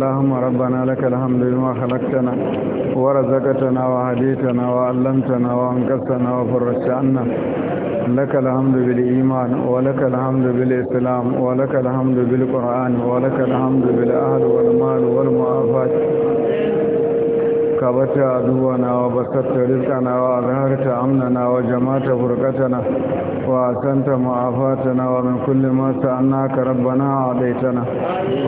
اللهم ربنا لك الحمد لما خلقتنا ورزقتنا وهديتنا وعلمتنا وانقذتنا وفرشتنا لك الحمد بالإيمان ولك الحمد بالإسلام ولك الحمد بالقرآن ولك الحمد بالأهل والمال والمعافاه kabata duba na wa basarta rizka na wa zaharta amna na wa jamaata furkata na wa santa ma'afata na wa min kulli ma sa'annaka rabbana adaita na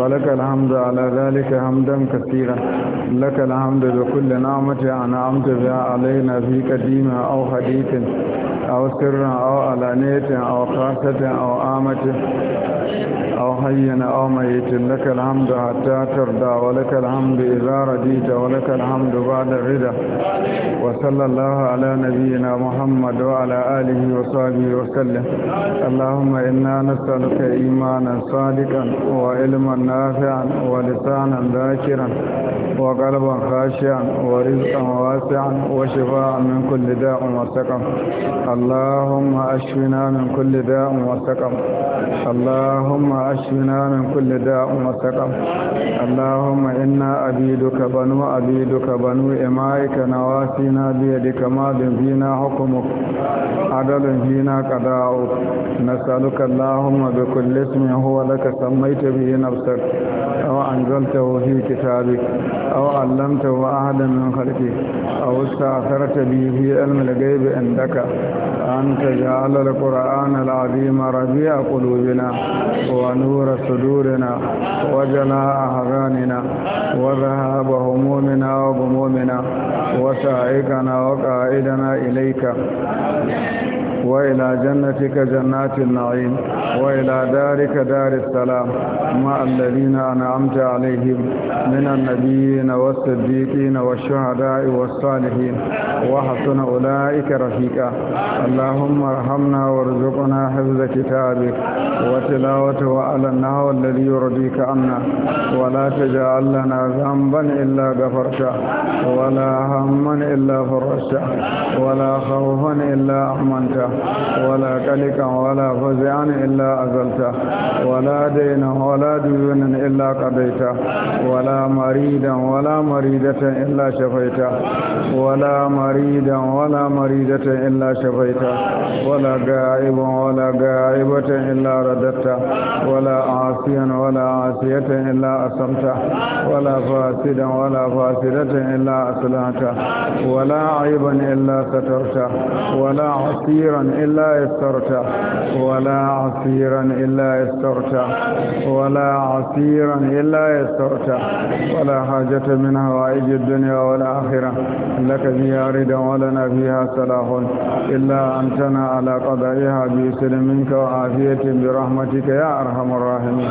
wa laka alhamdu ala zalika hamdan kathira laka alhamdu da kulli na'amati ana amta biya alaina fi qadima aw hadithin aw sirran aw alaniyatin aw khasatin aw amatin أو حينا أو ميت لك الحمد حتى ترضى ولك الحمد إذا رديت ولك الحمد bada rida wa sallallahu ala nabiyyina muhammad wa ala alihi wa sahbihi wa sallam allahumma inna nas'aluka imanan sadiqan wa ilman nafi'an wa lisanan dhakiran wa qalban khashi'an wa rizqan wasi'an wa shifa'an min kulli da'in wa saqam allahumma ashfina min kulli da'in wa saqam اللهم أشفنا من كل داء وسقم اللهم إنا عبيدك بنو عبيدك بنو بنو إمائك نواسينا بيدك ماض فينا حكمك عدل فينا قضاؤك نسألك اللهم بكل اسم هو لك سميت به نفسك أو أنزلته في كتابك أو علمته أحدا من خلقك أو استأثرت به في علم الغيب عندك أن تجعل القرآن العظيم ربيع قلوبنا ونور صدورنا وجلاء أحزاننا وذهاب همومنا وغمومنا همومنا وسائقنا وقائدنا إليك وإلى جنتك جنات النعيم وإلى دارك دار السلام مع الذين أنعمت عليهم من النبيين والصديقين والشهداء والصالحين وحسن أولئك رفيقا اللهم ارحمنا وارزقنا حفظ كتابك وتلاوته على النهو الذي يرضيك عنا ولا تجعل لنا ذنبا إلا غفرته ولا هما إلا فرجته ولا خوفا إلا أمنته ولا قلقا ولا فزعا إلا أزلته ولا دينا ولا ديونا إلا قضيته ولا مريدا ولا مريدة إلا شفيته ولا مريدا ولا مريدة إلا شفيته ولا غائبا ولا غائبة إلا رددته ولا عاصيا ولا عاصية إلا أسمته ولا فاسدا ولا فاسدة إلا أصلحته ولا عيبا إلا سترته ولا عسيرا خيرا إلا يسرته ولا عسيرا إلا يسرته ولا عسيرا إلا يسرته ولا حاجة من هوائج الدنيا والآخرة لك فيها ردا ولنا فيها صلاح إلا أمتنا على قضائها بيسر منك وعافية برحمتك يا أرحم الراحمين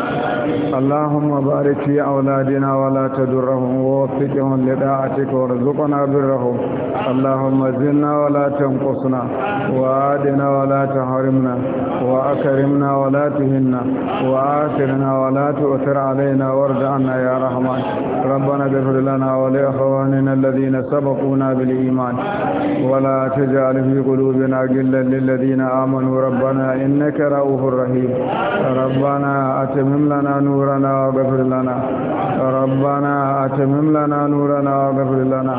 اللهم بارك في أولادنا ولا تدرهم ووفقهم لطاعتك وارزقنا برهم اللهم زلنا ولا تنقصنا وآت وعدنا ولا تحرمنا وأكرمنا ولا تهنا وآثرنا ولا تؤثر علينا وارض عنا يا رحمن ربنا اغفر لنا ولإخواننا الذين سبقونا بالإيمان ولا تجعل في قلوبنا غلا للذين آمنوا ربنا إنك رؤوف رحيم ربنا أتمم لنا نورنا واغفر لنا ربنا أتمم لنا نورنا واغفر لنا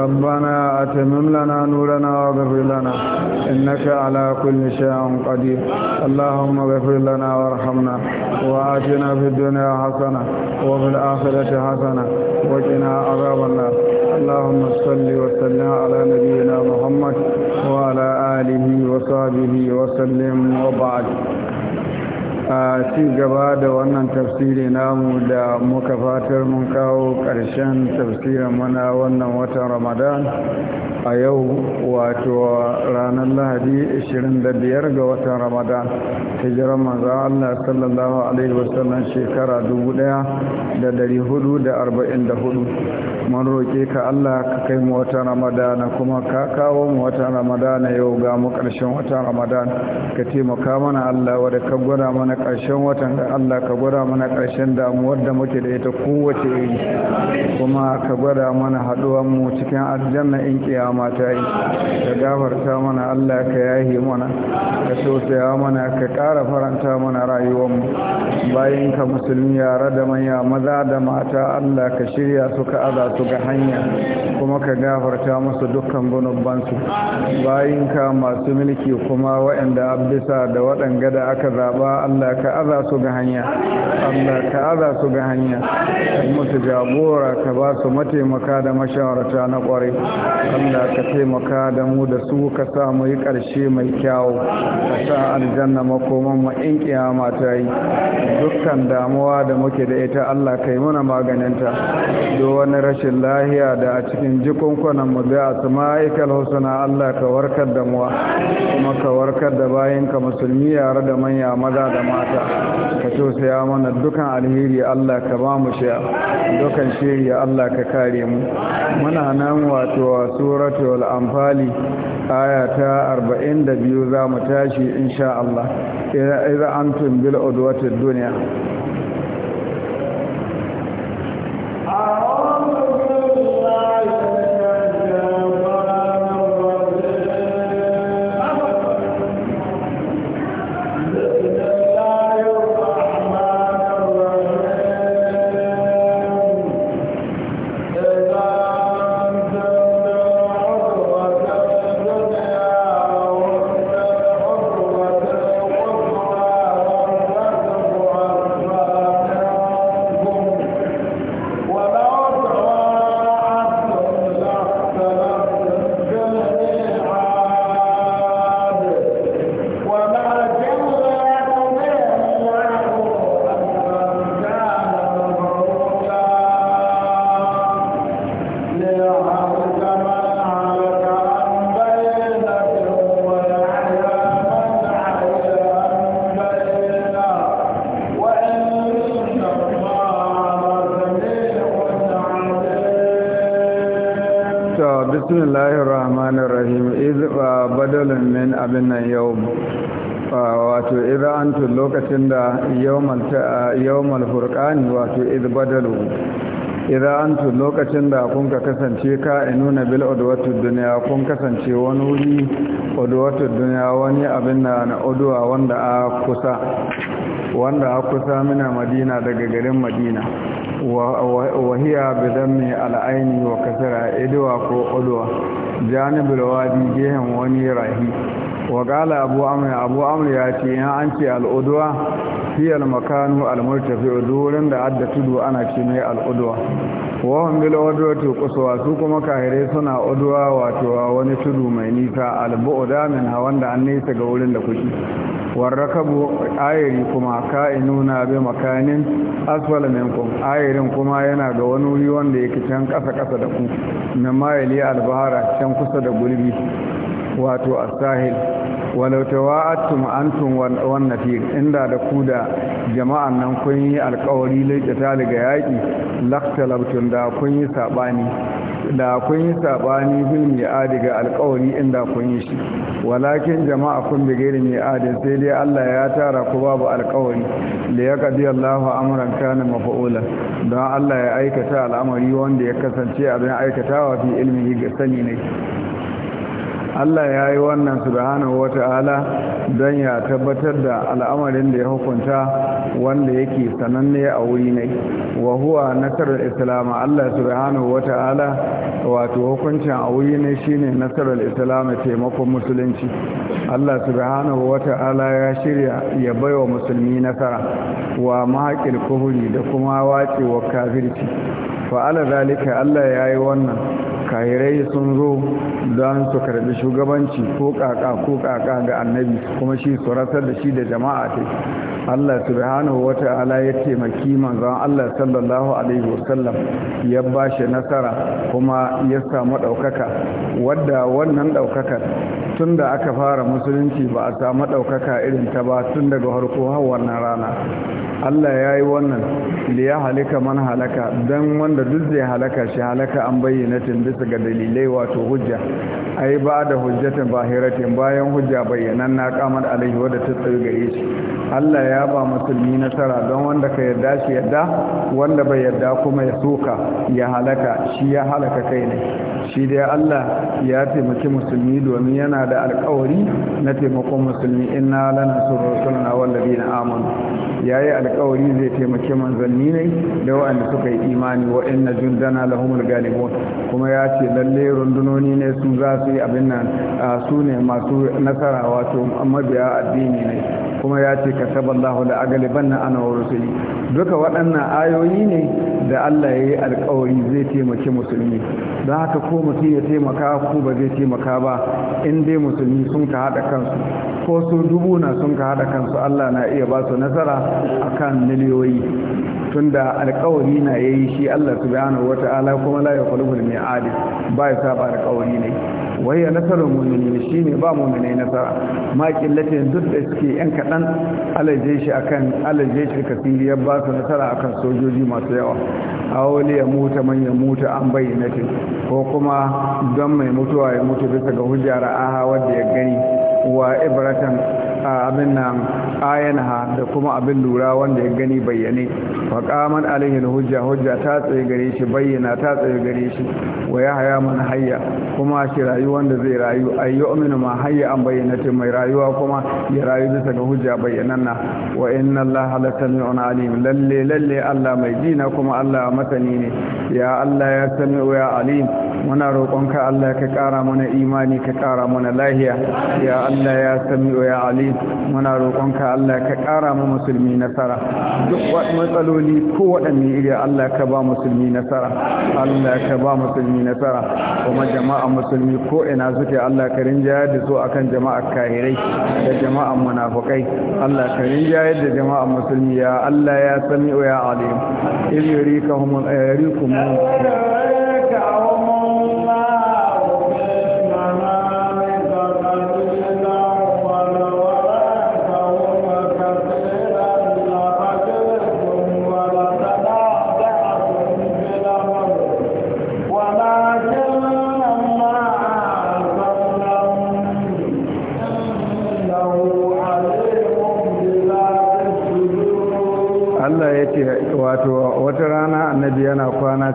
ربنا أتمم لنا نورنا واغفر لنا إنك على كل شيء قدير اللهم اغفر لنا وارحمنا وآتنا في الدنيا حسنة وفي الآخرة حسنة وقنا عذاب النار اللهم صل وسلم على نبينا محمد وعلى آله وصحبه وسلم وبعد a ci gaba da wannan tafsiri namu da muka fatar mun kawo ƙarshen tafsirin mana wannan watan ramadan a yau wato ranar lahadi 25 ga watan ramadan hijiran manzan allah sallallahu alaihi wasallam shekara 1444 mun roƙe ka allah ka kai mu watan ramadan kuma ka kawo mu watan ramadan yau ga mu ƙarshen watan ramadan ka taimaka mana allah wadda ka gwada mana mana ƙarshen watan da Allah ka gwada mana ƙarshen damuwar da muke da ita kowace iri kuma ka gwada mana haɗuwar mu cikin aljanna in kiyama ta yi ka gafarta mana Allah ka yahi mana ka sosaya mana ka ƙara faranta mana rayuwar mu bayan ka musulmi yara da manya maza da mata Allah ka shirya su ka aza su ga hanya kuma ka gafarta musu dukkan bunubbansu bayan ka masu mulki kuma waɗanda abisa da waɗanga da aka zaɓa Allah Allah ka aza su ga hanya Allah ka aza su ga hanya musu jagora ka ba su mataimaka da mashawarta na kware Allah ka taimaka da mu da su ka sa mu yi ƙarshe mai kyawu ka sa aljanna makoman mu in kiyama ta yi dukkan damuwa da muke da ita Allah kai muna maganinta do wani rashin lahiya da a cikin jikunkunan mu da asma'ikal husna Allah ka warkar da mu kuma ka warkar da bayan ka musulmi yare da manya maza da mata ka tausaya mana dukan alheri Allah ka ba mu shi dukan shiri Allah ka kare mu muna nan wato suratul anfali aya ta 42 za mu tashi insha Allah idza antum bil udwati dunya lokacin da yawmal furqani wato iz badalu idan antu lokacin da kun ka kasance ka inuna bil udwatud dunya kun kasance wani wuri udwatud dunya wani abin da na udwa wanda a kusa wanda a kusa mina madina daga garin madina hiya bi dhammi al aini wa kasra idwa ko udwa janibul wadi gehen wani rahi wakala abu amur abu amur ya ce ya an ce al'uduwa fi al-makanu al-murtafi durin da adda tudu ana ce mai al'uduwa wahun bil udwatu quswa su kuma kahire suna udwa wato wani tudu mai nisa al-bu'da min hawan da an nisa ga wurin da kuke warrakabu ayiri kuma na bi makanin asfala minkum ayirin kuma yana ga wani wuri wanda yake can kasa kasa da ku na mayali albahara can kusa da gulbi wato as-sahil walau tawa'attum antum wan inda da ku da jama'an nan kun yi alƙawari laikata daga yaƙi laktalabtun da kun yi saɓani da kun yi sabani bil alƙawari inda kun yi shi walakin jama'a kun bi gairi mi'adin sai dai Allah ya tara ku babu alkawari da ya kadi Allahu amran kana mafa'ula don Allah ya aikata al'amari wanda ya kasance abin aikatawa fi ilmihi ga sani ne Allah ya yi wannan subhanahu wa ta'ala don ya tabbatar da al'amarin da ya hukunta wanda yake sananne a wuri ne wa huwa nasarar islamu Allah subhanahu wa ta'ala wato hukuncin a wuri ne shine nasarar islam taimakon musulunci Allah subhanahu wa ta'ala ya shirya ya baiwa musulmi nasara wa mahaƙin kuhuri da kuma wa kafirci fa'ala zalika Allah ya yi wannan kahirai sun zo don su karbi shugabanci ko kaka ko kaka ga annabi kuma shi su da shi da jama'a ta yi. Allah subhanahu wa ta'ala ya taimaki manzan Allah sallallahu alaihi wasallam ya ba shi nasara kuma ya samu ɗaukaka wadda wannan ɗaukaka tun da aka fara musulunci ba a samu ɗaukaka irin ta ba tun daga harko har wannan rana Allah ya yi wannan da ya halika man halaka don wanda duk zai halaka shi halaka an bayyana tun bisa ga dalilai wato hujja A yi ba da hujjatin bahiratin bayan hujja bayyanan na qamat alaihi wadda ta tsayu gare shi Allah ya ba musulmi nasara don wanda ka yarda shi yarda wanda bai yarda kuma ya soka ya halaka shi ya halaka kai ne shi dai Allah ya taimaki musulmi domin yana da alkawari na taimakon musulmi inna lana surrasulana na amanu yayi alkawari zai taimaki manzanni ne da waɗanda suka yi imani wa inna jundana lahumul galibun kuma ya ce lalle rundunoni ne su za su yi abin nan su ne masu nasara wato mabiya addini ne kuma ya ce ka da la agalibanna ana rusuli duka waɗannan ayoyi ne da Allah ya yi alkawari zai taimaki musulmi don haka ko mutum ya taimaka ko ba zai taimaka ba in dai musulmi sun ka haɗa kansu ko su dubu na sun ka haɗa kansu allah na iya ba su nasara a kan miliyoyi tunda alkawari na yi shi allah subhanahu wata'ala kuma la ya mai adi ba ya saba alkawari ne wai ya nasarar mumini shine ba mummuni nasara ma killace duk da suke yan kaɗan alaje shi akan alaje shi kafiri ya ba su nasara akan sojoji masu yawa a wani ya mutu man ya mutu an bayyana ko kuma don mai mutuwa ya mutu bisa ga hujjar aha wanda ya gani wa ibratan abin nan ayanha da kuma abin lura wanda ya gani bayyane wa qaman alaihi hujja hujja ta tsaye gare shi bayyana ta tsaye gare shi wa ya haya man hayya kuma shi rayu wanda zai rayu ayyu'minu ma hayya an ta mai rayuwa kuma ya rayu bisa ga hujja na wa inna allaha la sami'un alim lalle lalle Allah mai jina kuma Allah masani ne ya Allah ya sami'u ya alim muna roƙonka Allah ka kara mana imani ka ƙara mana lahiya ya Allah ya sami'u ya alim muna roƙonka Allah ka ƙara mu musulmi nasara duk matsaloli ko waɗanne iri Allah ka ba musulmi nasara Allah ka ba musulmi nasara kuma jama'a musulmi ko ina suke Allah ka rinjaya da su akan jama'a kahirai da jama'a munafukai Allah ka rinjaya da jama'a musulmi ya Allah ya sami'u ya alim iz yurikahum eh, yurikum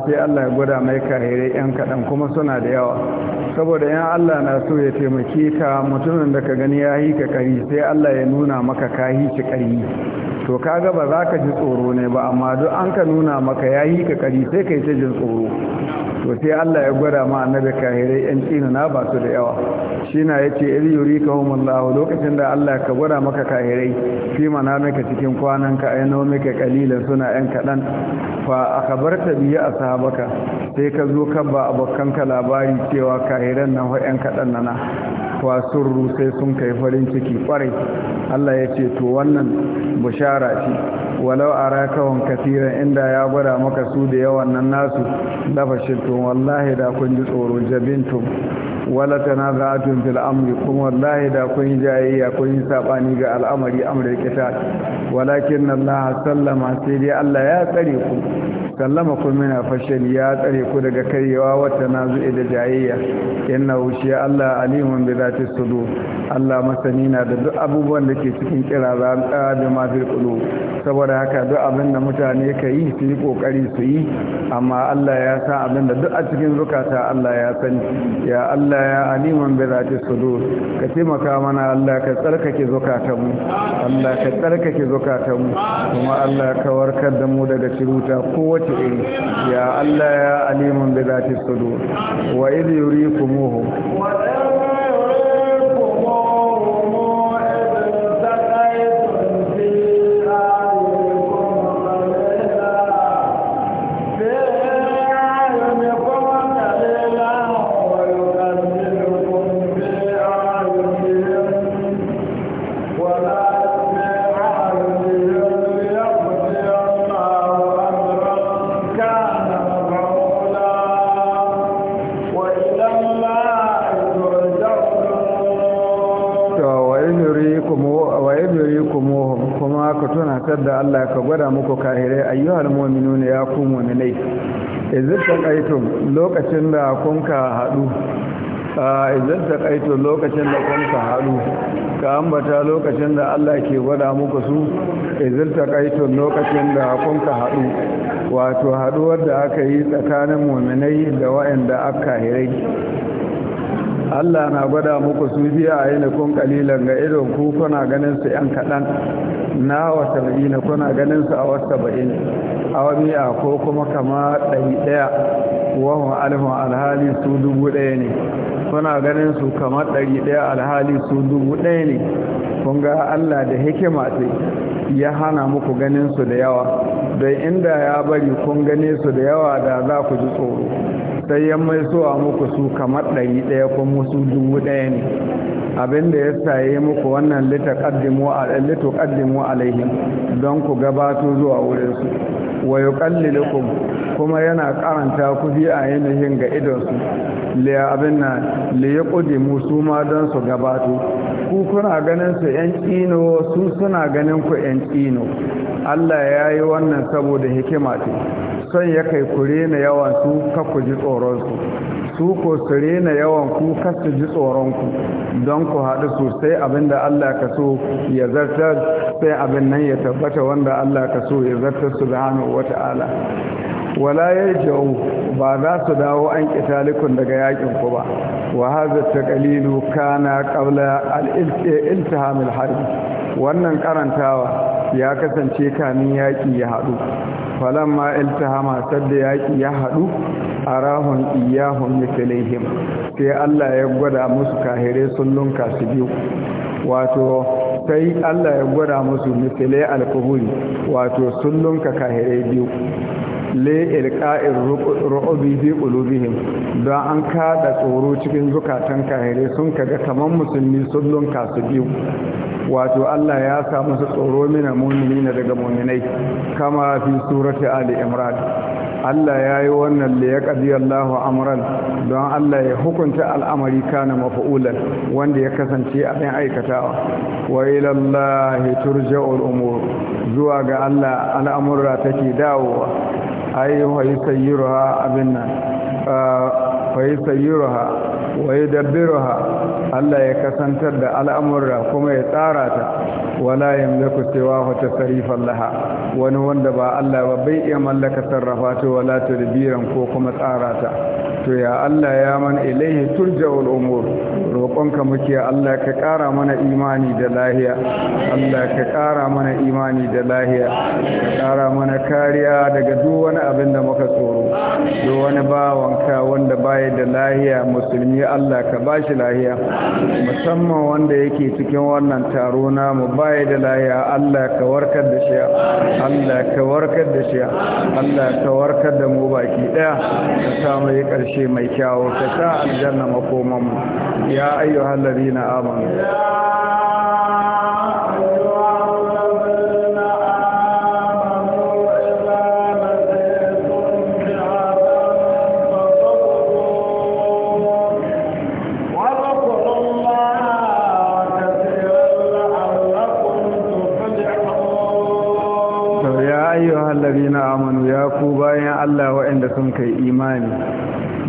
sai Allah ya gwada mai kahirai 'yan kaɗan kuma suna da yawa saboda yan Allah na so ya taimake ka mutumin da ka gani ya yi kakari sai Allah ya nuna maka kahi ci kari to kaga ba za ka ji tsoro ne ba amma duk an ka nuna maka ya yi kakari sai ka yi ta jin tsoro to sai Allah ya gwada ma annabi kahirai 'yan tsina na ba da yawa shina yace ya ce iri ka lokacin da Allah ka gwada maka kahirai fi mana maka cikin kwanan ka aino maka kalilan suna yan kaɗan fa aka bar ta biya a sahabaka sai ka zo ka ba abokan ka labari cewa kahiran nan wa yan kaɗan nana fa surru sai sun kai farin ciki kwarai Allah ya ce to wannan bushara ce walau arakahum katiran inda ya gwada maka su da yawan nan nasu lafashin to wallahi da kun ji tsoro jabintum wala tanaza'atun fil amri kuma wallahi da kun jayayya kun yi sabani ga al'amari amrul qital walakin Allah sallama sai dai Allah ya tsare ku kallama ku mina fashil ya tsare ku daga karyewa wata nazu'i da jayayya innahu shi Allah alimun bi zati sudu Allah masani na da duk abubuwan da ke cikin kirara da ma kulu. saboda haka duk abin da mutane ka yi su yi kokari su yi amma Allah ya san abin da duk a cikin zukata Allah ya sani ya Allah ya alimun bi zati sudu ka taimaka mana Allah ka tsarkake zukatanmu Allah ka tsarkake zukatanmu kuma Allah ka warkar da mu daga ciruta kowace متئن يا الله يا عليم بذات الصدور وإذ يريكموه gwada muku kahirai ayyuhal mu'minuna ya ku mu'minai izin aitum lokacin da kun ka haɗu izin taƙaito lokacin da kun ka haɗu ka ambata lokacin da Allah ke gwada muku su izin taƙaito lokacin da kun ka haɗu wato haɗuwar da aka yi tsakanin muminai da wa'anda aka kahirai Allah na gwada muku su biya a yi kun kalilan ga idon ku kuna ganin su 'yan kaɗan na wa saba'ina kuna ganin su a wasu saba'in awa ko kuma kama ɗari ɗaya wahun alfin alhali su dubu ɗaya ne kuna ganin su kama ɗari ɗaya alhali su dubu ɗaya ne kun ga allah da hikima ce ya hana muku ganin su da yawa don inda ya bari kun gane su da yawa da za ku ji tsoro sai ya mai muku su kamar ɗari ɗaya kuma su dubu ɗaya ne Abin da ya saye muku wannan lituqaddimu alaihim don ku gabato zuwa wurin su wa yuqallilukum kuma yana karanta ku bi a yanayin ga idonsu su abin na liya yuqaddimu su ma don su gabato ku kuna ganin su yan kino su suna ganin ku yan kino Allah ya yi wannan saboda hikima ce son ya kai kure na yawan su kakku ji tsoron su ko su rena yawan ku kasu ji tsoron ku don ku haɗu sosai abin da Allah ka so ya zartar sai abin nan ya tabbata wanda Allah ka so ya zartar su da hannu ta'ala wala ya jau ba za su dawo an talikun daga yakin ku ba wa ƙalilu, kana ƙabla al hamil harbi wannan karantawa ya kasance kamin yaƙi ya haɗu ta hama sadda yaƙi ya haɗu a rahun iyahun misalihim sai Allah ya gwada musu kahire sun lunka su biyu wato sai Allah ya gwada musu misalai alkuhuri wato sun lunka kahire biyu le ilka'ir ru'ubi fi ulubihim don an kada tsoro cikin zukatan kahire sun kaga kaman musulmi sun lunka su biyu wato Allah ya sa musu tsoro mina na daga mu'minai kama fi surati ali imran Allah ya yi wannan da ya ƙadi Allahu amran don Allah ya hukunta al'amari kana mafa'ulan wanda ya kasance abin aikatawa wa ilallahi turja'ul umur zuwa ga Allah al'amura take dawowa ai wa yusayyirha abin nan fa ah, yusayyirha wa yudabbiruha Allah ya kasantar da al'amura kuma ya tsara ta wala yamliku siwahu tasrifan laha wani wanda ba Allah ba bai iya mallaka sarrafa ta wala tadbiran ko kuma tsara ta to ya Allah ya man ilaihi turja'ul umur roƙonka muke Allah ka ƙara mana imani da lahiya Allah ka ƙara mana imani da lahiya ka ƙara mana kariya daga duk wani abin da muka tsoro duk wani bawanka wanda baya da lahiya musulmi Allah ka bashi lahiya musamman wanda yake cikin wannan taro namu baya da laya Allah ka warkar da shi Allah ka warkar da shi Allah ka warkar da mu baki daya ka samu yi karshe mai kyawu ka sa aljanna makomanmu, mu ya ayyuhal ladina amanu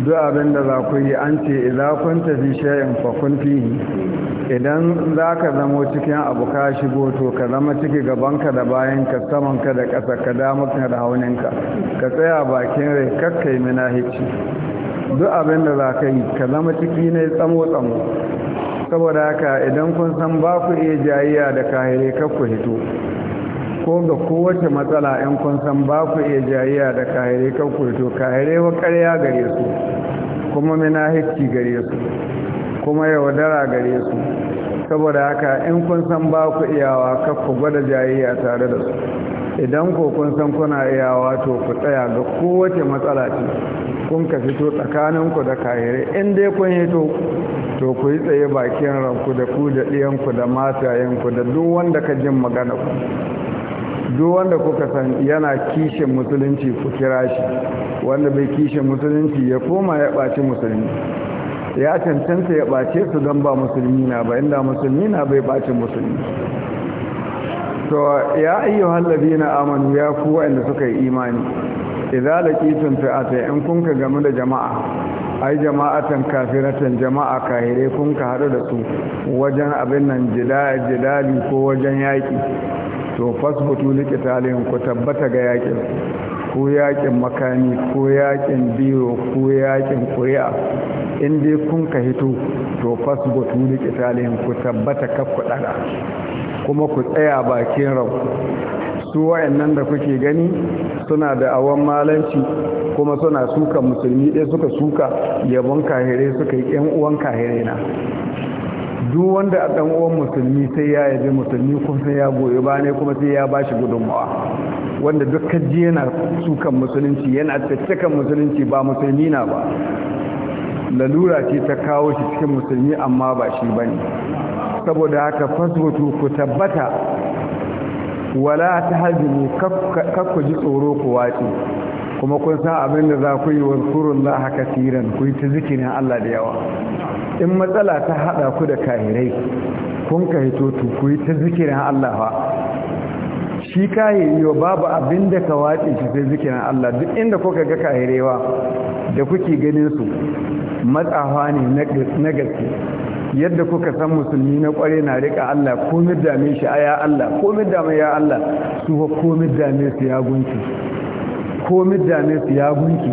duk abin da za ku yi an ce idza kun fi shay'in fa kun fihi idan za ka zamo cikin abu ka shigo to ka zama ciki gabanka da bayan saman samanka da ƙasarka damarka da hauninka ka tsaya bakin rai kakkai minahici duk abin da za ka yi ka zama ciki ne tsamo-tsamo saboda haka idan kun san ba ku iya jayayya da kahire ku hito ko ga kowace matsala in kun san ba ku iya jayayya da kahire ku hito kahire wa ƙarya gare su kuma minahicci gare su kuma yaudara gare su saboda haka in kun san ba ku iyawa kar ku gwada jayayya tare da su idan ko kun san kuna iyawa to ku tsaya ga kowace matsala ce kun ka fito tsakaninku da kayere in dai kun hito to ku yi tsaye bakin ranku da ku da ɗiyanku da matayenku da duk wanda ka jin magana ku duk wanda kuka san yana kishin musulunci ku kira shi wanda bai kishin musulunci ya koma ya ɓaci musulmi ya cancanta ya ɓace su don ba musulmi na ba inda musulmi na bai ɓace musulmi to ya ayyu hallabi na amanu ya ku wa'anda suka yi imani da laqitum fi'ata in kun ka gami da jama'a ai jama'atan kafiratan jama'a kahire kun ka da su wajen abin nan jidali ko wajen yaƙi. to fasbutu liqitalin ku tabbata ga yaƙin. ko yakin makami ko yakin biro ko yakin kuri'a in dai kun ka hito to fasbut wuli kitalin ku tabbata ku daga kuma ku tsaya bakin rau su wayannan da kuke gani suna da awan malanci kuma suna suka musulmi ɗaya suka suka yabon kahire suka yi ƴan uwan kahire na duk wanda a ɗan uwan musulmi sai ya yabi musulmi kuma sai ya goyi ba ne kuma sai ya bashi gudunmawa wanda duk kaji yana sukan musulunci yana tattakan musulunci ba musulmi na ba lalura ce ta kawo shi cikin musulmi amma ba shi ba ne saboda haka fasbutu ku tabbata wala ta ne kakku ji tsoro ku wace kuma kun san abin da za ku yi wa tsoron haka kasiran ku yi ta zikirin allah da yawa in matsala ta haɗa ku da kahirai kun ka hito ku yi ta zikirin allah ba shi kayayyo babu abin da ka wace shi sai zikirin Allah duk inda kuka ga kahirewa da kuke ganin su matsawa ne na gaske yadda kuka san musulmi na kware na rika Allah komai dame shi ya Allah komai dame ya Allah su ko komai dame su ya gunki komai dame su ya gunki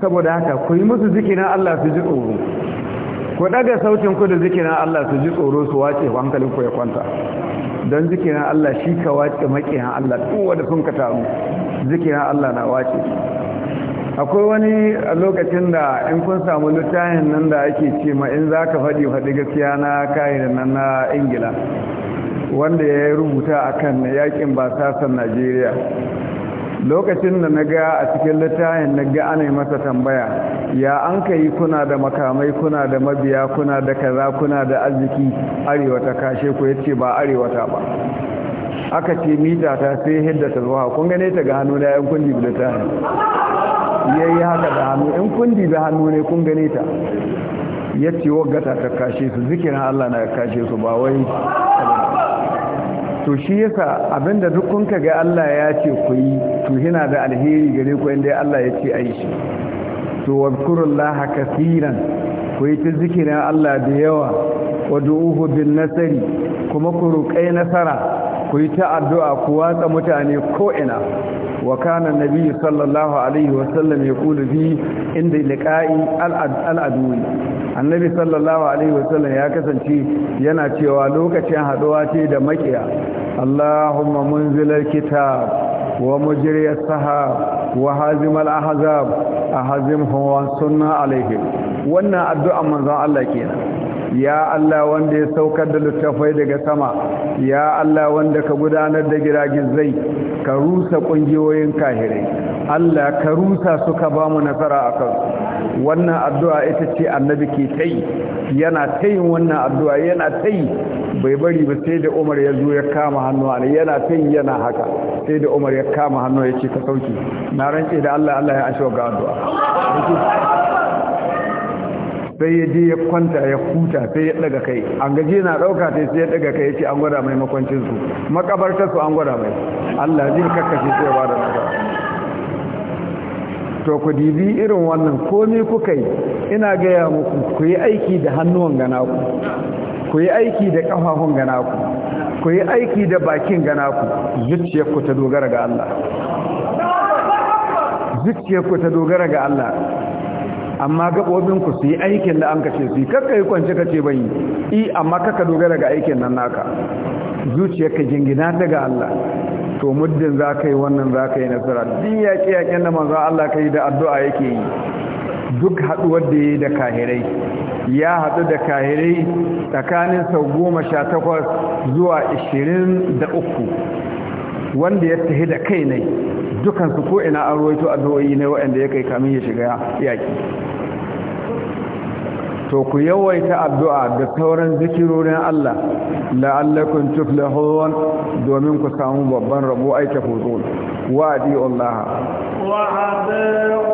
saboda haka ku yi musu zikirin Allah su ji tsoro ku daga sautin ku da zikirin Allah su ji tsoro su wace hankalin ku ya kwanta don zikirin Allah shi ka wace makiyan Allah kowa da sun ka taru zikirin Allah na wace akwai wani a lokacin da in kun samu littafin nan da ake ce ma in za ka faɗi faɗi gaskiya na kayan nan na ingila wanda ya yi rubuta a kan yakin basasan najeriya lokacin da na ga a cikin littafin na ga ana masa tambaya ya an ka yi kuna da makamai kuna da mabiya kuna da kaza kuna da arziki arewa ta kashe ku yace ba arewa ta ba aka ce mita ta sai hidda ta zuwa kun gane ta ga hannu na yan kundi da ta yayi haka da hannu yan kundi da hannu ne kun gane ta yace wagata ta kashe su zikirin Allah na kashe su ba wai to shi yasa abinda duk kun ga Allah ya ce ku yi to hina da alheri gare ku inda Allah ya ce ai shi to wadkurullaha kasiran ku yi ta zikirin Allah da yawa wadu'uhu bin nasari kuma ku roƙai nasara ku yi ta addu'a ku watsa mutane ko'ina. ina wa kana nabi sallallahu alaihi inda liqa'i al annabi sallallahu alaihi ya kasance yana cewa lokacin haɗuwa ce da maƙiya Allahumma munzilal kitab ومجري السحاب وهازم الأحزاب أهزمهم وانصرنا عليهم وانا الدعاء Allah الله كينا ya Allah wanda ya saukar da littattafai daga sama ya Allah wanda ka gudanar da giragizai ka rusa kungiyoyin kahirai Allah ka rusa suka bamu nasara a kansu wannan addu'a ita ce annabi ke ta yana ta wannan addu'a yana ta bai bari ba sai da umar ya zo ya kama hannu yana ta yana haka sai da umar ya kama hannu ya ce ka sauki na rance da allah allah ya ashe ga addu'a sai ya je ya kwanta ya huta sai ya daga kai an gaji na dauka sai sai ya daga kai yace an gwada mai makwancin su su an gwada mai Allah zai kakkace sai ba da naka to ku dibi irin wannan komai kuka yi ina gaya muku ku yi aiki da hannuwan gana ku ku yi aiki da kafafun gana ku ku yi aiki da bakin gana ku zuciyarku ta dogara ga Allah zuciyarku ta dogara ga Allah amma gaɓobinku su yi aikin da an kace su yi kwance yi kace bai yi amma kaka dogara ga aikin nan naka zuciyarka jingina ta Allah to muddin za wannan za yi nasara din yaƙi yaƙin da manzo Allah ka da addu'a yake yi duk haduwar da ya da kahirai ya haɗu da kahirai tsakanin sau goma sha takwas zuwa ishirin da uku wanda ya tahi da kai ne dukansu ko ina an roito addu'o'i ne waɗanda ya kai kamin ya shiga yaƙi to ku yawaita addu'a da sauran zikirorin Allah la'allakum tuflihun domin ku samu babban rabo aika fuzul wa adi Allah wa Allah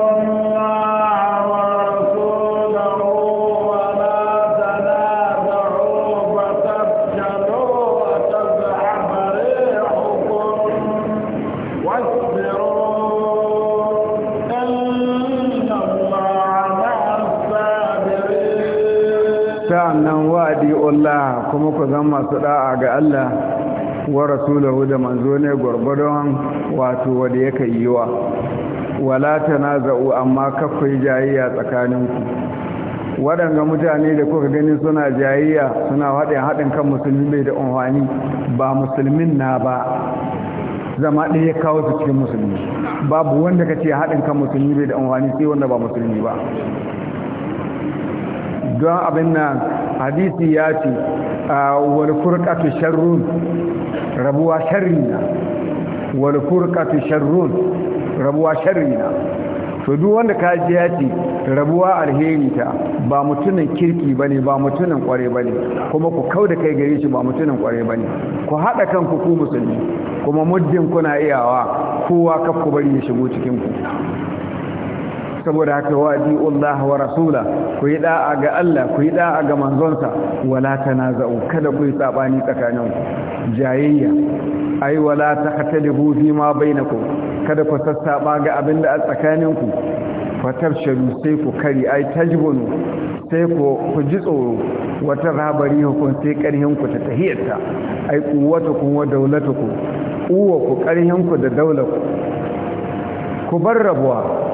masu da'a ga Allah wa rasulahu da manzo ne gwargwadon wato wanda yake yiwa wala tanaza'u amma kafai jayayya tsakaninku waɗanda mutane da kuka gani suna jayayya suna haɗin haɗin kan musulmi bai da unhwani ba musulmin na ba zama ɗaya kawo su cikin musulmi babu wanda ka hadin haɗin kan musulmi bai da unhwani sai wanda ba musulmi ba don abin nan hadisi ya ce wal furqatu sharrun rabuwa sharrina wal furqatu sharrun rabuwa sharrina to duk wanda ka ji ya ce rabuwa alheri ta ba mutumin kirki ba ne, ba mutumin kware ne, kuma ku kau da kai gare shi ba mutumin kware ne, ku haɗa kan ku musulmi kuma muddin kuna iyawa kowa kafku bari ya shigo cikinku. saboda haka wa Allah wa rasula ku yi da'a ga Allah ku yi da'a ga manzonsa wala tanaza'u kada ku yi sabani tsakaninku jayayya ai wala taqtalibu fi ma bainakum kada ku sassaba ga abin da a ku fatar sharu sai ku kari ai tajbunu sai ku ji tsoro wata rabari hukun sai karhin ku ta tahiyarta ai kuwatukum wa daulatukum uwa ku karhin ku da daular ku bar rabuwa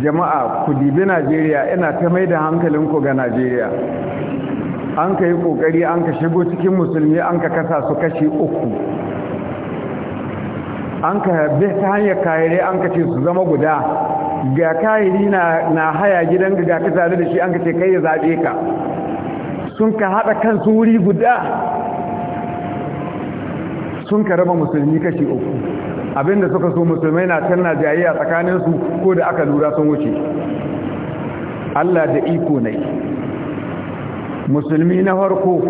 jama'a ku dibi najeriya ina ta mai da hankalinku ga najeriya an ka yi kokari an ka shigo cikin musulmi an ka kasa su kashi uku an ka bi ta hanyar kayare an ka ce su zama guda ga kayari na haya gidan ga ka tare da shi an ka ce kai ya zaɓe ka sun ka haɗa kansu wuri guda sun ka raba musulmi kashi uku abinda suka so musulmai na can na tsakanin tsakaninsu ko da aka lura sun wuce Allah da iko ne musulmi na farko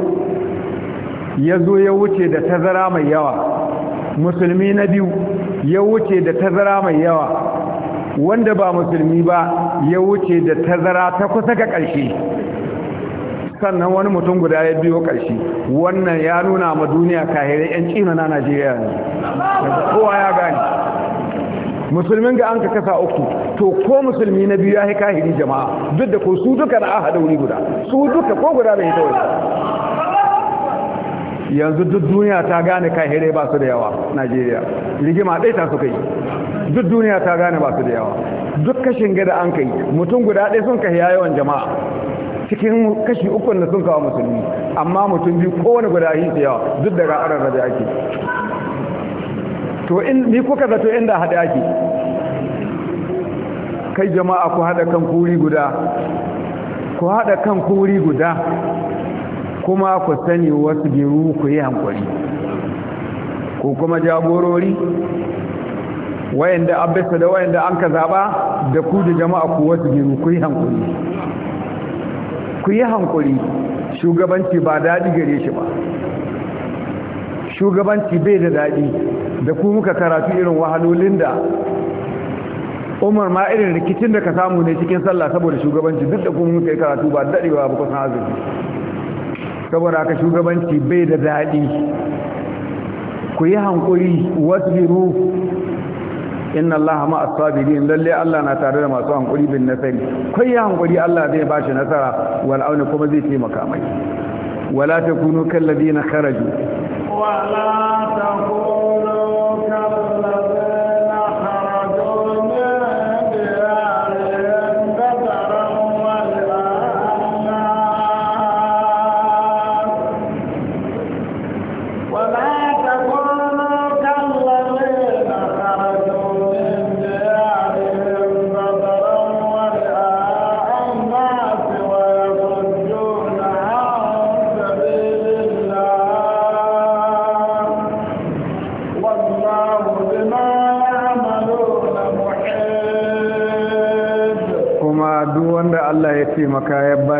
ya zo ya wuce da tazara mai yawa musulmi na biyu ya wuce da tazara mai yawa wanda ba musulmi ba ya wuce da tazara ta kusa ga ƙarshe sannan wani mutum guda ya biyo ƙarshe wannan ya nuna ma duniya kahirai 'yan cina na najeriya ne kowa ya gani musulmin ga an ka kasa uku to ko musulmi na biyu ya yi kahiri jama'a duk da ko su duka na aha da wuri guda su duka ko guda da ita wani yanzu duk duniya ta gane kahirai ba su da yawa najeriya rigima ɗai ta suka yi duk duniya ta gane ba su da yawa duk kashin gada an kai mutum guda ɗaya sun kahi yawan jama'a cikin kashi ukun da sun kawo musulmi amma mutum biyu kowane guda yi su yawa duk daga aran da ake to in ni kuka zato inda haɗe ake kai jama'a ku haɗa kan kuri guda ku haɗa kan kuri guda kuma ku sani wasu biyu ku yi hankali ko kuma jagorori wayanda abisa da wayanda an ka zaba da ku da jama'a ku wasu biyu ku yi hankali ku yi hankuri shugabanci ba daɗi gare shi ba shugabanci bai da daɗi da ku muka karatu irin wahalolin da umar ma irin rikicin da ka samu ne cikin sallah saboda shugabanci duk da ku muka yi karatu ba daɗewa ba kusan azumi saboda aka shugabanci bai da daɗi ku yi hankuri wasu wasbiru inna allaha ma as lalle Allah na tare da masu hankuri bin nasari kai ya hankuri Allah zai ba shi nasara wal auna kuma zai taimaka mai wala takunu kal kharaju wala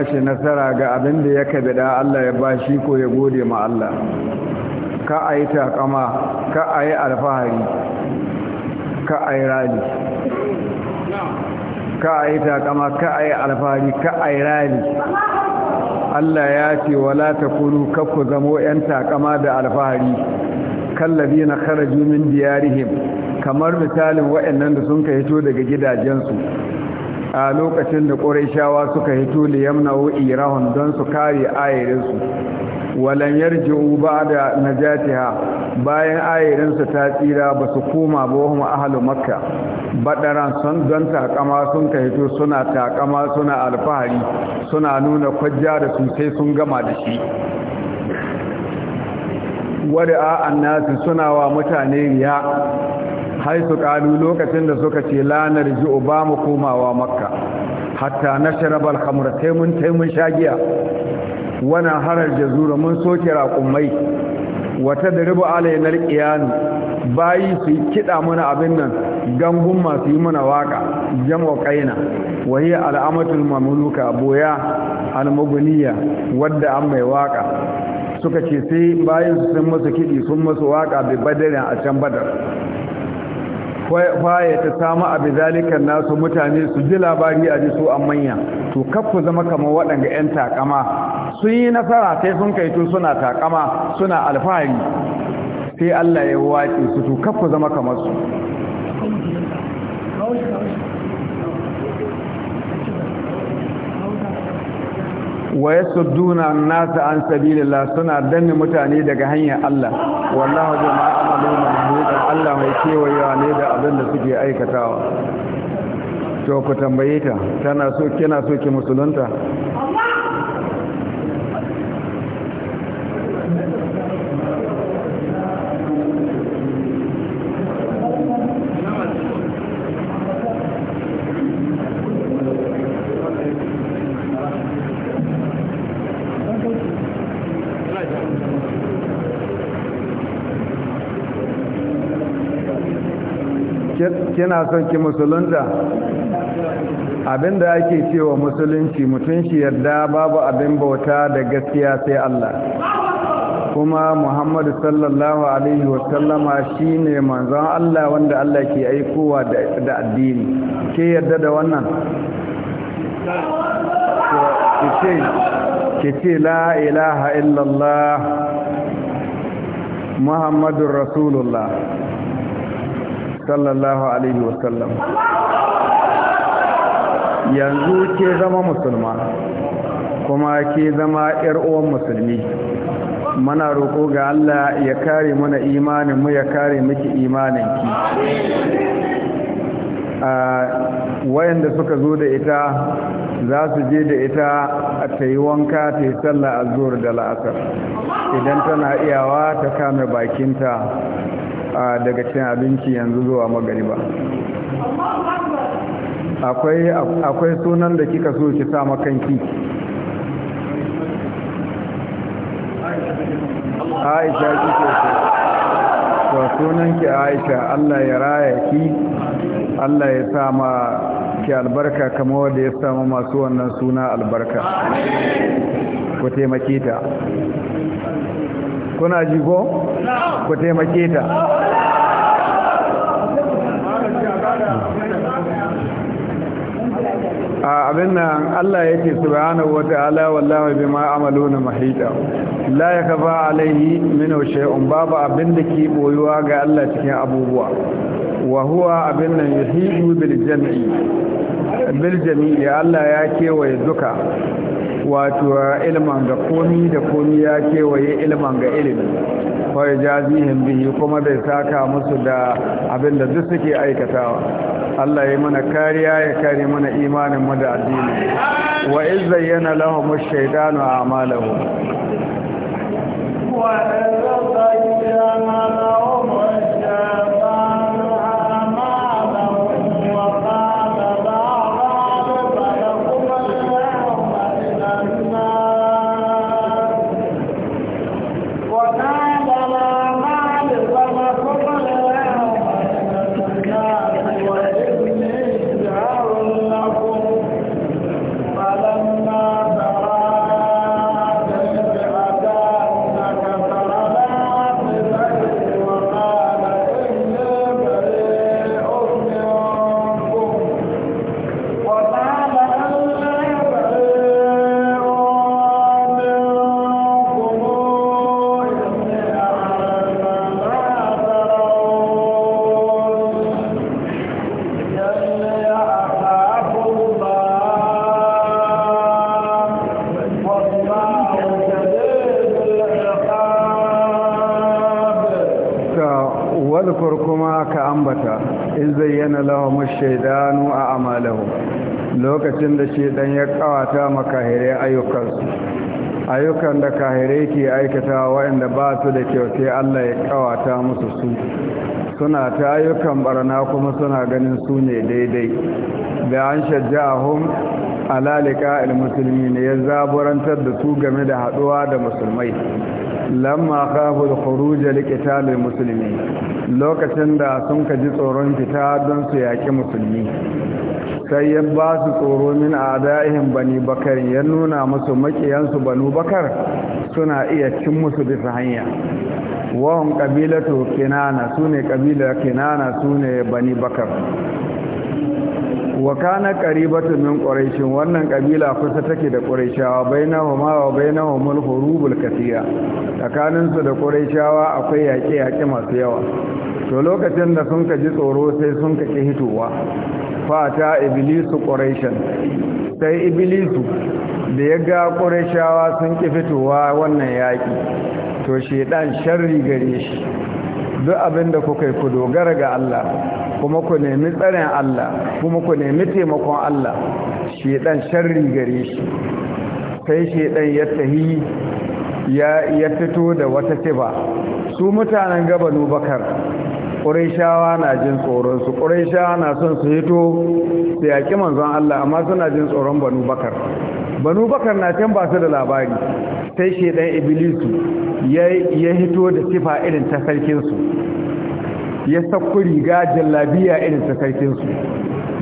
ba nasara ga abin da ya kabida Allah ya bashi ko ya gode ma Allah ka a yi takama ka a yi alfahari ka a yi rali ka a yi takama ka a yi alfahari ka a yi rali Allah ya ce wala ta kuru kakku zamo 'yan takama da alfahari kallabi na kharaju min diyarihim kamar misalin waɗannan da sun ka hito daga gidajensu a lokacin da ƙuraishawa suka hito wa irahun don su kare walanyar walan ba da najatiha bayan ayyarinsu ta tsira ba su koma ba wa ahlu makka badaran sun don takama sun ka hito suna takama suna alfahari suna nuna kwajja da su sai sun gama da shi wada'a nasi suna wa mutane riya Hai su kalu lokacin da suka ce lanar ji'u ba mu komawa makka hatta na sharabar hamura taimun taimun shagiya wana harar jazura mun soke raƙummai wata da ribu alainar ƙiyanu bayi su yi kiɗa mana abin nan gangun masu yi mana waƙa jam'a ƙaina wahiyar al'amatul mamuluka boya almaguniya wadda an mai waƙa suka ce sai bayan su sun masu kiɗi sun masu waƙa bai badarin a can badar faye ta samu a bizalikan nasu mutane su ji labari a ji su an manya to kafu zama kama waɗanda 'yan takama sun yi nasara sai sun kai tun suna takama suna alfahari sai Allah ya waƙi su to kafu zama kamar su wa yasudduna an-nasa an sabilillah suna danne mutane daga hanyar Allah wallahu jama'a amaluna mahmuda Allah mai kewayewa ne da abin da suke aikatawa to ku tambaye ta tana so kina so ki musulunta kina son ki musulunta abinda ake cewa musulunci mutum shi yarda babu abin bauta da gaskiya sai Allah kuma Muhammadu sallallahu alaihi wa shi shine manzon Allah wanda Allah ke aikowa da addini ke yarda da wannan ke ce la ilaha illallah Muhammadu Rasulullah sallallahu alaihi wasallam yanzu ke zama musulma kuma ke zama yar uwan musulmi muna roƙo ga Allah ya kare mana imanin mu ya kare miki imanin ki wayanda suka zo da ita za su je da ita ta yi wanka ta yi sallah zuwar da la'asar idan tana iyawa ta kame bakinta daga cin abinci yanzu zuwa magariba akwai sunan da kika so ki sa makanki aisha kike so to ki aisha allah ya raya ki allah ya sa ma ki albarka kama wanda ya samu masu wannan suna albarka ku taimake ta kuna ji ko ku taimake ta a abin nan Allah yake subhanahu wata'ala wallahi bima amaluna mahita la yakfa alaihi min shay'un babu abin da ke boyuwa ga Allah cikin abubuwa wa huwa abin nan yahidu bil jam'i bil jami'i Allah ya kewaye duka wato ilman ga komi da komi ya kewaye ilman ga ilimi kawai jazihin bihi kuma bai saka musu da abin da duk suke aikatawa Allah ya mana kariya ya kare mana imanin mu da addini wa iz zayyana lahum ash-shaytanu a'malahum wa in zayyana lahum ash-shaytanu a'malahum lokacin da shedan ya kawata makahire ayyukansu ayyukan da kahire ke aikata waɗanda ba su da kyau sai Allah ya kawata musu su suna ta ayyukan barna kuma suna ganin su ne daidai da an shajjahum ala liqa'il muslimin ya zaburantar da su game da haduwa da musulmai lamma khafu al-khuruj li al muslimin lokacin da sun ka ji tsoron fita don su yaƙi musulmi sai ya ba su tsoro min a da'ihin bani bakar ya nuna musu makiyansu banu bakar suna iya cin musu bisa hanya wahun ƙabilatu kinana su ne ƙabilar kinana su ne bani bakar wa kana qaribatu min quraishin wannan kabila kusa take da quraishawa ma wa bainahumul hurubul katira tsakanin tsakaninsu da quraishawa akwai yaƙe yaƙe masu yawa to lokacin da sun ka ji tsoro sai sun ka ƙi hitowa fata iblisu ƙorashin sai iblisu da ya ga ƙorashawa sun ƙi fitowa wannan yaƙi to shaidan sharri gare shi duk abin da kuka yi ku dogara ga Allah kuma ku nemi tsarin Allah kuma ku nemi taimakon Allah shaidan sharri gare shi sai shaidan ya tahi ya fito da wata tiba su mutanen gabanu bakar ƙuraishawa na jin tsoron su ƙuraishawa na son su hito su yaƙi manzon Allah amma suna jin tsoron banu bakar banu bakar na can ba su da labari sai shaidan Ibilisu ya hito da sifa irin ta sarkinsu ya sakku riga jallabiya irin ta sarkinsu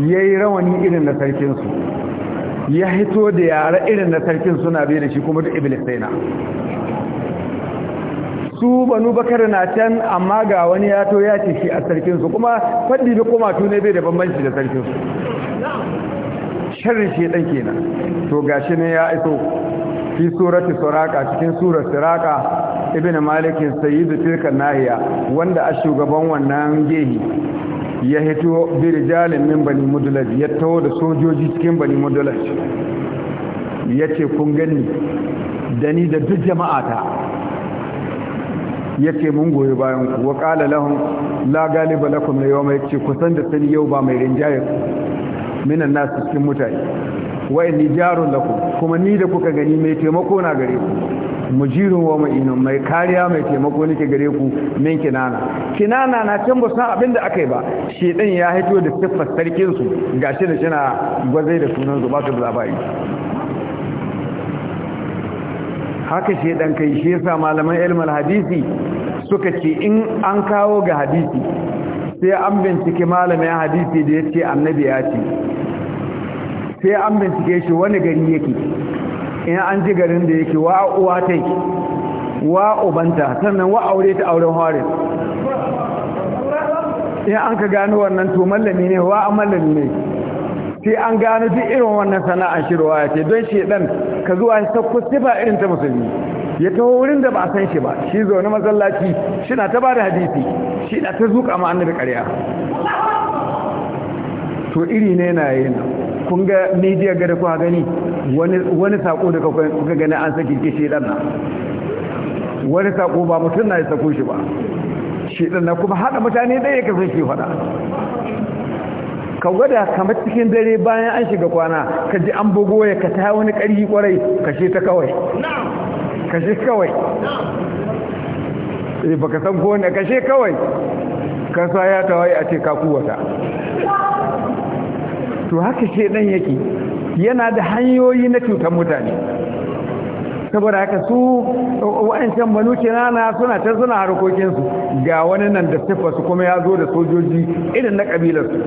ya yi rawani irin na sarkinsu ya hito da yara irin na sarkin suna bai da shi kuma da iblis su banu bakar na can amma ga wani ya to ya ce shi a sarkinsu kuma faddi bi kuma tune bai da bambanci da sarkinsu sharri shi dan kenan to gashi ne ya iso fi surati suraka cikin surar suraka ibn malik sayyidu tilka nahiya wanda a shugaban wannan gehi ya hito bi rijalin min bani ya taho da sojoji cikin bani Ya ce kun gani da ni da duk jama'ata yake mun goyi bayan ku wa qala lahum la galiba lakum al-yawma ce ku san da sani yau ba mai rinjaye minan nas cikin mutane wa inni jarun lakum kuma ni da kuka gani mai taimako na gare ku mujirun wa ma'inun mai kariya mai taimako nake gare ku min kinana kinana na can ba san abin da aka yi ba shedan ya hito da siffar sarkin su gashi da shi na gwazai da sunan su ba su da labari haka dan kai shi yasa malaman ilmul hadisi suka ce in an kawo ga hadisi sai an bincike malamin hadisi da yace annabi ya ce sai an bincike shi wani gari yake in an ji garin da yake wa uwa tai wa ubanta sannan wa aure ta auren hore in an ka gano wannan to mallami ne wa mallami ne sai an gano duk irin wannan sana'ar shirwa ya ce don shedan ka zuwa ya sauko sifa irin ta musulmi ya taho wurin da ba a san shi ba shi zaune masallaci shi na ta ba da hadisi shi na ta zuƙa ma annabi ƙarya to iri ne na yin kun ga media ga da kuka gani wani sako da kuka gani an saki ke shedan na wani sako ba mutum na ya sako shi ba shedan na kuma haɗa mutane ɗaya ka san shi faɗa ka gwada kamar cikin dare bayan an shiga kwana ka ji an bugo ya ka ta wani ƙarfi kwarai kashe ta kawai kashe kawai eh baka san ko ka kashe kawai ka sa ya tawaye a ce ka kuwata to haka ke dan yake yana da hanyoyi na cutar mutane saboda haka su wa'ancan banu kinana suna can suna harkokinsu ga wani nan da su kuma ya zo da sojoji irin na kabilarsu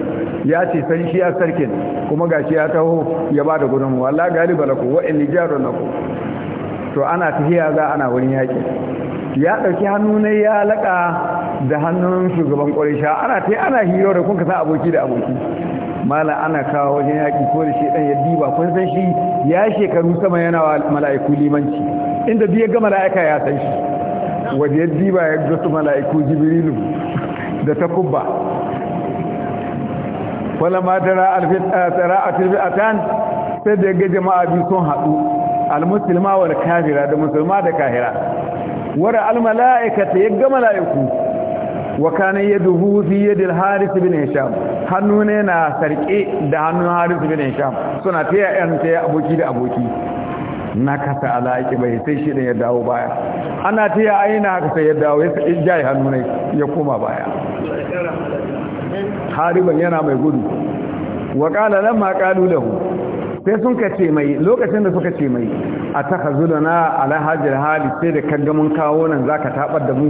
ya ce san shi ya sarkin kuma ga shi ya taho ya ba da gudun wala galiba lako wa'in na ku?" to ana tafiya za ana wurin yaƙi ya ɗauki hannu na ya laƙa da hannun shugaban ƙwarisha ana ta ana hiyo da kun ka sa aboki da aboki mala ana kawo wajen yaƙi ko da shi ɗan ya diba kun san shi ya shekaru sama yana wa mala'iku limanci inda biya ga mala'ika ya san shi wadda ya diba ya gasu mala'iku jibrilu da ta kubba wala ma tara eh, a can sai da ga jama'a biyu sun haɗu Al-Musulma almusulma wal kafira da musulma da kahira al-mala’ika ta ya ga mala'iku wa ya duhu fi yadil harisu bin hisham hannu ne na Sarki da hannun harisu bin hisham suna ta yi taya aboki da aboki na kasa alaƙi bai sai shi ya dawo baya ana ta ya aina haka sai ya dawo ya yi hannu ya koma baya hariban yana mai gudu wa ƙala nan ma ƙalu da sai sun ka ce mai lokacin da suka ce mai a taka zula na alhajar hali sai da kaggamin kawo nan za ka taɓar da mu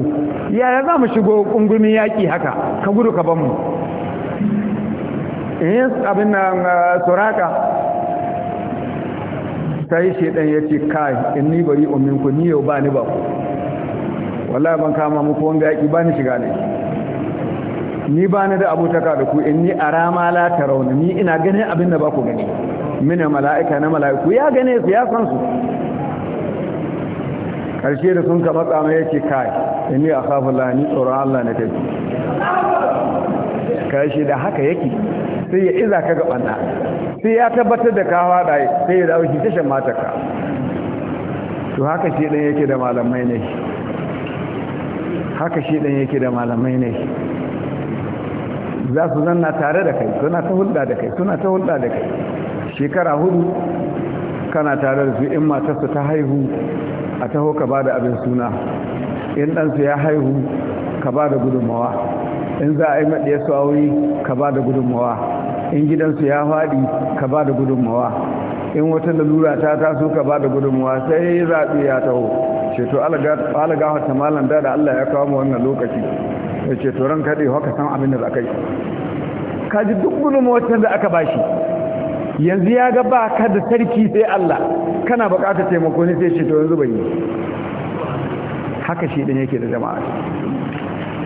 yaya za mu shigo ƙungumin yaƙi haka ka gudu ka ban mu eh, abin nan eh, suraka sai ɗan ya ce kai in ni bari umin ku ni yau ba ni ba ku wallahi ban kama muku wanga yaki ba ni shiga ne ni ba ni da abutaka da ku in ni arama la tarawna ni ina ganin abin da ba ku gani mina mala'ika na mala'iku ya gane su ya san su karshe da sun ka matsa mai yake kai ni a kafin lani tsoron Allah na tafi karshe da haka yake sai ya iza ka ga ɓanna sai ya tabbatar da ka faɗa sai ya dawo shi mataka to haka shi ɗan yake da malamai ne haka shi ɗan yake da malamai ne za su zanna tare da kai suna ta hulɗa da kai suna ta hulɗa da kai shekara hudu kana tare da su in matarsa ta haihu a taho ka ba da abin suna in ɗansu ya haihu ka ba da gudunmawa in za a yi maɗiyar su wuri ka ba da gudunmawa in gidansu ya faɗi ka ba da gudunmawa in wata lalura ta taso ka ba da gudunmawa sai zaɓi ya taho ceto alagawa ta malam da da allah ya kawo mu wannan lokaci da ceto ran kaɗe haka san abin da za ka ji duk can da aka bashi yanzu ya ga ba ka da sarki sai allah kana buƙatar taimako ne sai ceto yanzu bai yi haka shi ɗin yake da jama'a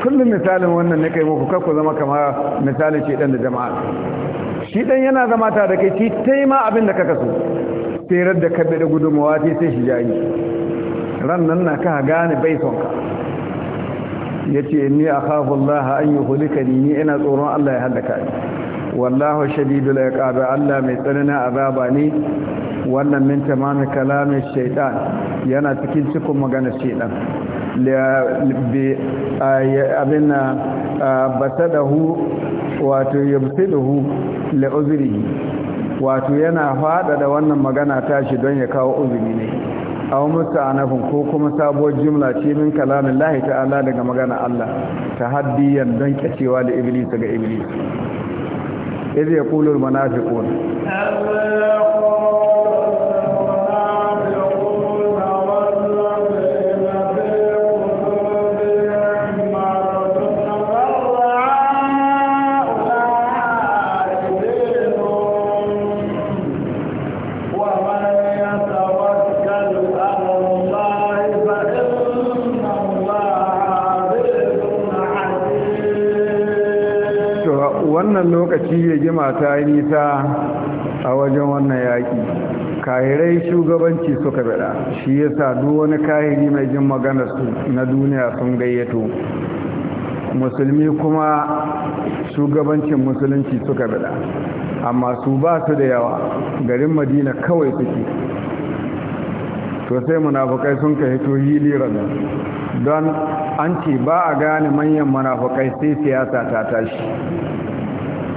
kullum misalin wannan na kai muku kakku zama kamar misalin shi ɗan da jama'a shi dan yana zama tare da kai shi tai ma abin da kaka so terar da kabe da gudunmawa ce sai shi jayi ran nan na ka gane bai son ka yace ni akhafu Allah an yuhlikani ni ina tsoron Allah ya halaka ni wallahu shadidul iqab Allah mai tsanana azaba ne wannan min tamami kalamin shaitan yana cikin cikin maganar shaitan abin basadahu wato hu. uzuri wato yana faɗaɗa wannan magana tashi don ya kawo uzuri ne aw musta'anafin ko kuma sabuwar jumla ce min kalamin lahi ta'ala daga magana Allah ta haddiyan don kyacewa da iblis ga iblis ya yaqulu al-munafiqun yi nisa a wajen wannan yaƙi kahirai shugabanci suka bada shi yasa duk wani kahiri mai jin maganar su na duniya sun gayyato musulmi kuma shugabancin musulunci suka bada amma su ba su da yawa garin madina kawai suke sosai sai munafukai sun ka hito hiliran don an ce ba a gane manyan munafukai sai siyasa ta tashi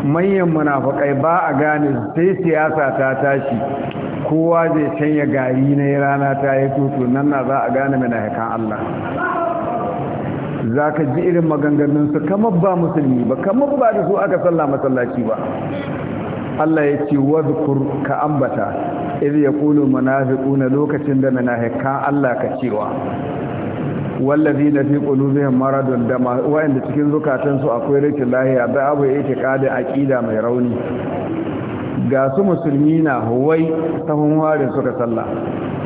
manyan munafukai ba a gane sai siyasa ta tashi kowa zai canya gari na yi rana ta yi tutu nan na za a gane munafikan Allah za ka ji irin maganganunsu kamar ba musulmi ba kamar ba da su aka sallah masallaci ba Allah ya ce wadhkur ka ambata iri ya kulu yaqulu na lokacin da munafikan Allah ka cewa wallazi na fi qulubihim maradun da wa'anda cikin zukatansu akwai rikin lahiya da abu yake kada aqida mai rauni ga su musulmi na huwai ta ware suka sallah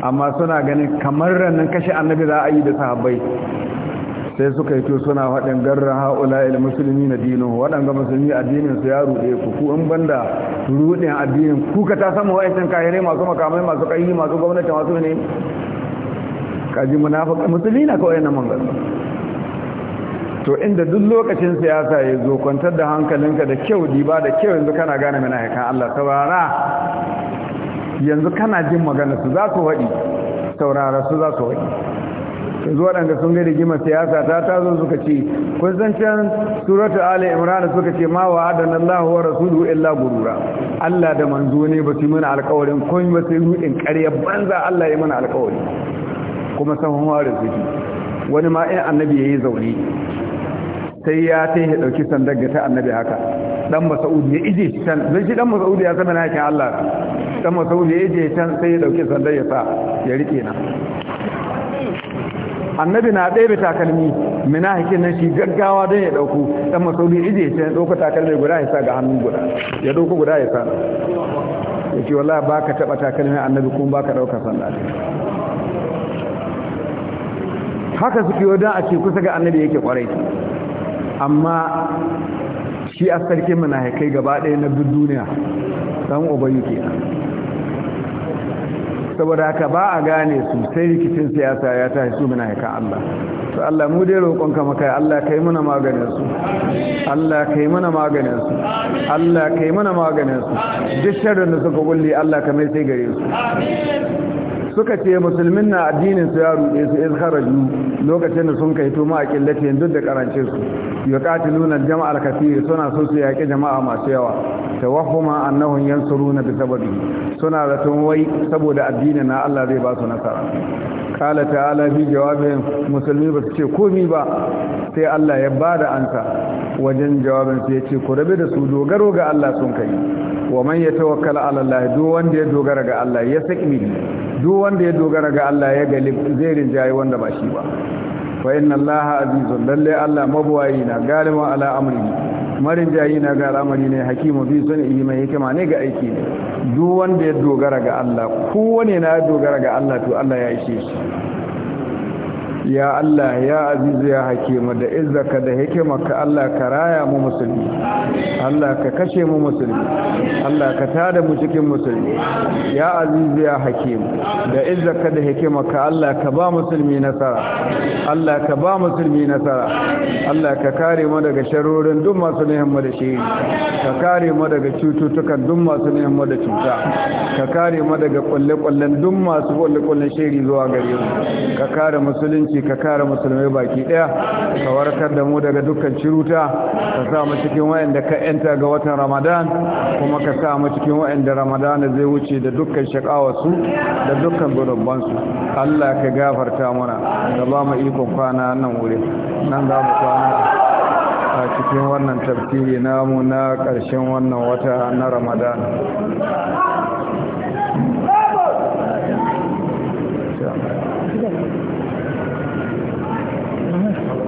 amma suna ganin kamar ranar kashe annabi za a yi da sahabbai sai suka yi to suna faɗin garra ha'ula il musulmi na dino waɗanda musulmi addinin su ya rude ku ku in banda rudin addinin ku ka ta samu wa'ancin kahirai masu makamai masu ƙayi masu gwamnati masu ne kaji munafiki musulmi na kawai na mangal to inda duk lokacin siyasa ya zo kwantar da hankalinka da kyau diba da kyau yanzu kana gane kan Allah saurara yanzu kana jin magana su za su waɗi saurara su za su waɗi yanzu waɗanda sun gari gima siyasa ta tazo suka ce kun san can suratu ali imran suka ce ma wa adana Allah wa rasuluhu illa gurura Allah da manzo ne ba su mana alƙawarin kun ba su yi ruɗin ƙarya banza Allah ya mana alƙawari kuma sahun da suke wani ma in annabi yayi zaune sai ya tai ya dauki sandar ga ta annabi haka dan masaudi ya ije shi can don shi dan masaudi ya zama na yakin Allah dan masaudi ya ije can sai ya dauki sandar ya sa ya rike na annabi na ɗaya takalmi mina hakin nan shi gaggawa don ya ɗauko dan masaudi ije ce ya ɗauka takalmi guda ya sa ga hannun guda ya ɗauku guda ya sa ya ce wallah ba ka taɓa takalmi annabi kuma ba ka ɗauka sanda haka suke da a ce kusa ga annabi yake kwarai amma shi a sarkin haikai gaba ɗaya na duk duniya don ubayu kenan saboda haka ba a gane su sai rikicin siyasa ya tashi su munafikan Allah to Allah mu dai roƙonka maka Allah kai muna maganin su Allah kai muna maganin su Allah kai muna maganin su duk sharrin da suka gulli Allah ka mai sai gare su suka ce musulmin na addinin su ya ruɗe su iz kharaju lokacin da sun kai to ma killace duk da karancin su yuqatiluna jama'a al-kathir suna so su yaƙi jama'a masu yawa tawahuma annahum yansuruna bi sababi suna zaton wai saboda addinin na Allah zai ba su nasara kala ta'ala fi jawabin musulmi ba su ce komi ba sai Allah ya ba da ansa wajen jawabin su ya ce ku rabe da su dogaro ga Allah sun kai wa man ya tawakkala ala Allah duk wanda ya dogara ga Allah ya saki duk wanda ya dogara ga Allah ya gali zai rinjaye wanda ba shi ba fa inna Allah azizun lalle Allah mabwayi na galima ala amri marin jayi na ga al'amari ne hakimu bi sunni mai hikima ne ga aiki ne duk wanda ya dogara ga Allah kowane na dogara ga Allah to Allah ya ishe shi ya Allah ya azizu ya hakima da izzaka da hikimarka Allah ka raya mu musulmi Allah ka kashe mu musulmi Allah ka tada mu cikin musulmi ya azizu ya hakima da izzaka da hikimarka Allah ka ba musulmi nasara Allah ka ba musulmi nasara Allah ka kare mu daga sharorin duk masu neman da shi ka kare mu daga cututtukan duk masu neman da cuta ka kare mu daga kulle-kullen duk masu kulle-kullen shiri zuwa gare mu ka kare musulunci musulunci ka kare musulmai baki daya ka warkar da mu daga dukkan ciruta ka sa mu cikin wayanda ka yanta ga watan ramadan kuma ka sa mu cikin wanda ramadan zai wuce da dukkan shakawarsu da dukkan gudubban su Allah ka gafarta mana da ba mu ikon kwana nan wuri nan za mu kwana a cikin wannan tafsiri namu na ƙarshen wannan wata na ramadan Thank you.